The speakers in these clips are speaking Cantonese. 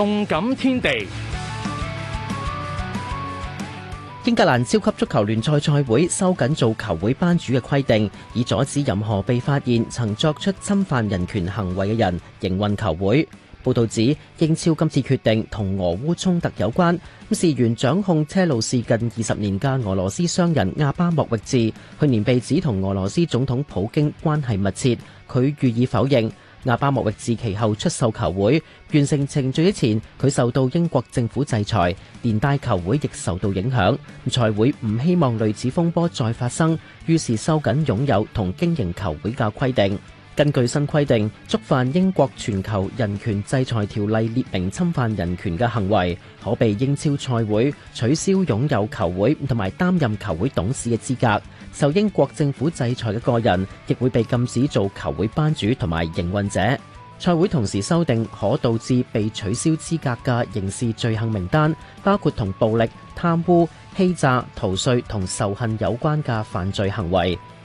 動感天地。英格蘭超級足球聯賽賽會收緊做球會班主嘅規定，以阻止任何被發現曾作出侵犯人權行為嘅人營運球會。報道指，英超今次決定同俄烏衝突有關。咁事源掌控車路士近二十年嘅俄羅斯商人亞巴莫域治，去年被指同俄羅斯總統普京關係密切，佢予以否認。阿巴莫域自其後出售球會，完成程序之前，佢受到英國政府制裁，連帶球會亦受到影響。賽會唔希望類似風波再發生，於是收緊擁有同經營球會嘅規定。根據新規定，觸犯英國全球人權制裁條例列明侵犯人權嘅行為，可被英超賽會取消擁有球會同埋擔任球會董事嘅資格；受英國政府制裁嘅個人，亦會被禁止做球會班主同埋營運者。賽會同時修訂可導致被取消資格嘅刑事罪行名單，包括同暴力、貪污、欺詐、逃稅同仇恨有關嘅犯罪行為。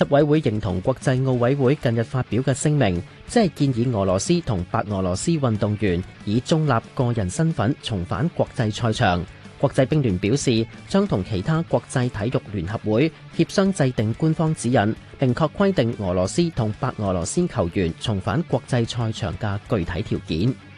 執委會認同國際奧委會近日發表嘅聲明，即係建議俄羅斯同白俄羅斯運動員以中立個人身份重返國際賽場。國際乒聯表示，將同其他國際體育聯合會協商制定官方指引，並明確規定俄羅斯同白俄羅斯球員重返國際賽場嘅具體條件。